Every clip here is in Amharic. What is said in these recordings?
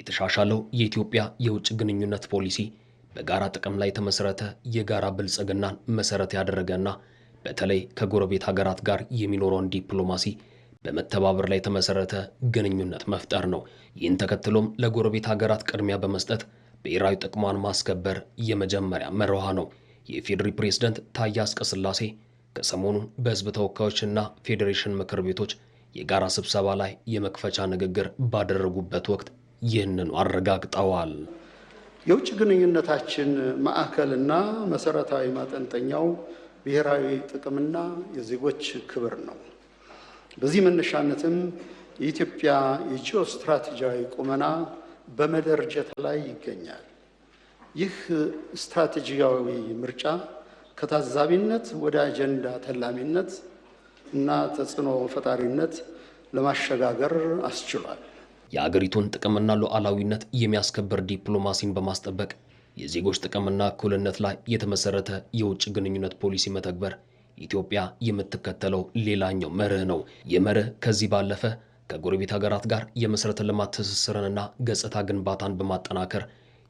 የተሻሻለው የኢትዮጵያ የውጭ ግንኙነት ፖሊሲ በጋራ ጥቅም ላይ የተመሰረተ የጋራ ብልጽግናን መሰረት ያደረገና በተለይ ከጎረቤት ሀገራት ጋር የሚኖረውን ዲፕሎማሲ በመተባበር ላይ የተመሰረተ ግንኙነት መፍጠር ነው። ይህን ተከትሎም ለጎረቤት ሀገራት ቅድሚያ በመስጠት ብሔራዊ ጥቅሟን ማስከበር የመጀመሪያ መርሃ ነው። የፌዴሪ ፕሬዝደንት ታዬ አጽቀሥላሴ ከሰሞኑ በሕዝብ ተወካዮችና ፌዴሬሽን ምክር ቤቶች የጋራ ስብሰባ ላይ የመክፈቻ ንግግር ባደረጉበት ወቅት ይህንኑ አረጋግጠዋል። የውጭ ግንኙነታችን ማዕከልና መሰረታዊ ማጠንጠኛው ብሔራዊ ጥቅምና የዜጎች ክብር ነው። በዚህ መነሻነትም የኢትዮጵያ የጂኦ ስትራቴጂያዊ ቁመና በመደርጀት ላይ ይገኛል። ይህ ስትራቴጂያዊ ምርጫ ከታዛቢነት ወደ አጀንዳ ተላሚነት እና ተጽዕኖ ፈጣሪነት ለማሸጋገር አስችሏል። የአገሪቱን ጥቅምና ሉዓላዊነት የሚያስከብር ዲፕሎማሲን በማስጠበቅ የዜጎች ጥቅምና እኩልነት ላይ የተመሰረተ የውጭ ግንኙነት ፖሊሲ መተግበር ኢትዮጵያ የምትከተለው ሌላኛው መርህ ነው። ይህ መርህ ከዚህ ባለፈ ከጎረቤት ሀገራት ጋር የመሠረተ ልማት ትስስርንና ገጽታ ግንባታን በማጠናከር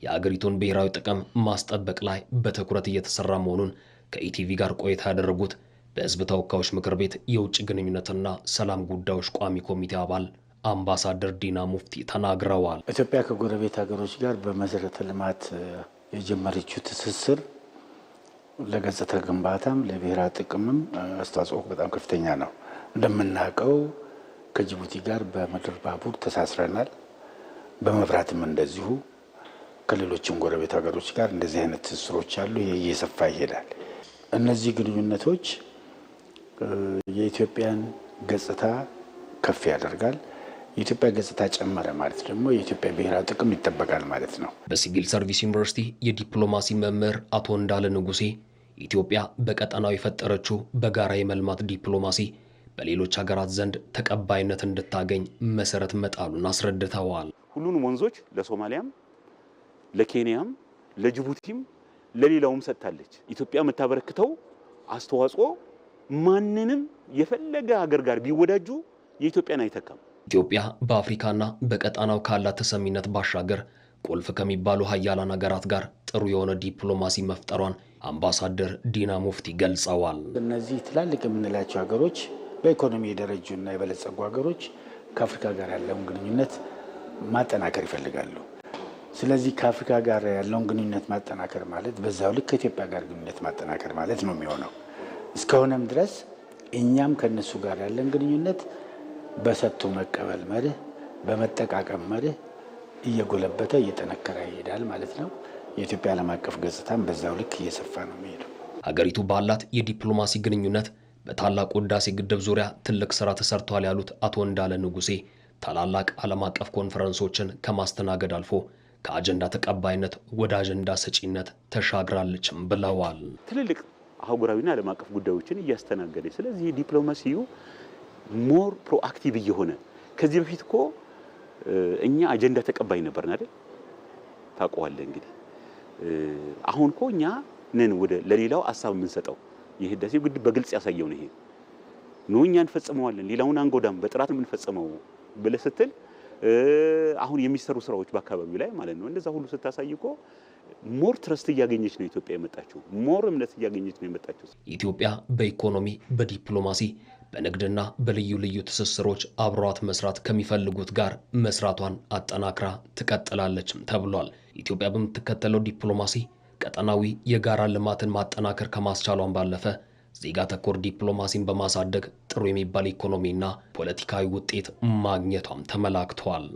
የአገሪቱን ብሔራዊ ጥቅም ማስጠበቅ ላይ በትኩረት እየተሰራ መሆኑን ከኢቲቪ ጋር ቆይታ ያደረጉት በሕዝብ ተወካዮች ምክር ቤት የውጭ ግንኙነትና ሰላም ጉዳዮች ቋሚ ኮሚቴ አባል አምባሳደር ዲና ሙፍቲ ተናግረዋል። ኢትዮጵያ ከጎረቤት ሀገሮች ጋር በመሰረተ ልማት የጀመረችው ትስስር ለገጽታ ግንባታም ለብሔራዊ ጥቅምም አስተዋጽኦ በጣም ከፍተኛ ነው። እንደምናውቀው ከጅቡቲ ጋር በምድር ባቡር ተሳስረናል። በመብራትም እንደዚሁ ከሌሎችም ጎረቤት ሀገሮች ጋር እንደዚህ አይነት ትስስሮች አሉ። እየሰፋ ይሄዳል። እነዚህ ግንኙነቶች የኢትዮጵያን ገጽታ ከፍ ያደርጋል። የኢትዮጵያ ገጽታ ጨመረ ማለት ደግሞ የኢትዮጵያ ብሔራዊ ጥቅም ይጠበቃል ማለት ነው። በሲቪል ሰርቪስ ዩኒቨርሲቲ የዲፕሎማሲ መምህር አቶ እንዳለ ንጉሴ ኢትዮጵያ በቀጠናው የፈጠረችው በጋራ የመልማት ዲፕሎማሲ በሌሎች ሀገራት ዘንድ ተቀባይነት እንድታገኝ መሰረት መጣሉን አስረድተዋል። ሁሉንም ወንዞች ለሶማሊያም፣ ለኬንያም፣ ለጅቡቲም ለሌላውም ሰጥታለች። ኢትዮጵያ የምታበረክተው አስተዋጽኦ ማንንም የፈለገ ሀገር ጋር ቢወዳጁ የኢትዮጵያን አይተካም። ኢትዮጵያ በአፍሪካና በቀጣናው ካላት ተሰሚነት ባሻገር ቁልፍ ከሚባሉ ሀያላን ሀገራት ጋር ጥሩ የሆነ ዲፕሎማሲ መፍጠሯን አምባሳደር ዲና ሙፍቲ ገልጸዋል። እነዚህ ትላልቅ የምንላቸው ሀገሮች በኢኮኖሚ የደረጁና የበለጸጉ ሀገሮች ከአፍሪካ ጋር ያለውን ግንኙነት ማጠናከር ይፈልጋሉ። ስለዚህ ከአፍሪካ ጋር ያለውን ግንኙነት ማጠናከር ማለት በዛው ልክ ከኢትዮጵያ ጋር ግንኙነት ማጠናከር ማለት ነው የሚሆነው። እስከሆነም ድረስ እኛም ከእነሱ ጋር ያለን ግንኙነት በሰጥቶ መቀበል መርህ፣ በመጠቃቀም መርህ እየጎለበተ እየጠነከረ ይሄዳል ማለት ነው። የኢትዮጵያ ዓለም አቀፍ ገጽታም በዛው ልክ እየሰፋ ነው የሚሄደው። ሀገሪቱ ባላት የዲፕሎማሲ ግንኙነት በታላቁ ህዳሴ ግድብ ዙሪያ ትልቅ ስራ ተሰርቷል ያሉት አቶ እንዳለ ንጉሴ ታላላቅ ዓለም አቀፍ ኮንፈረንሶችን ከማስተናገድ አልፎ ከአጀንዳ ተቀባይነት ወደ አጀንዳ ሰጪነት ተሻግራለችም ብለዋል። ትልልቅ አህጉራዊና ዓለም አቀፍ ጉዳዮችን እያስተናገደ ስለዚህ ዲፕሎማሲው ሞር ፕሮአክቲቭ እየሆነ ከዚህ በፊት እኮ እኛ አጀንዳ ተቀባይ ነበርን አይደል? ታውቀዋለህ እንግዲህ። አሁን እኮ እኛ ነን ወደ ለሌላው ሀሳብ የምንሰጠው። የህዳሴው ግድብ በግልጽ ያሳየው ነው ይሄ ኖ እኛ እንፈጽመዋለን፣ ሌላውን አንጎዳም፣ በጥራት የምንፈጽመው ብለህ ስትል አሁን የሚሰሩ ስራዎች በአካባቢው ላይ ማለት ነው እንደዛ ሁሉ ስታሳይ እኮ ሞር ትረስት እያገኘች ነው ኢትዮጵያ የመጣችው፣ ሞር እምነት እያገኘች ነው የመጣችው ኢትዮጵያ በኢኮኖሚ በዲፕሎማሲ በንግድና በልዩ ልዩ ትስስሮች አብሯት መስራት ከሚፈልጉት ጋር መስራቷን አጠናክራ ትቀጥላለችም ተብሏል። ኢትዮጵያ በምትከተለው ዲፕሎማሲ ቀጠናዊ የጋራ ልማትን ማጠናከር ከማስቻሏን ባለፈ ዜጋ ተኮር ዲፕሎማሲን በማሳደግ ጥሩ የሚባል ኢኮኖሚና ፖለቲካዊ ውጤት ማግኘቷም ተመላክቷል።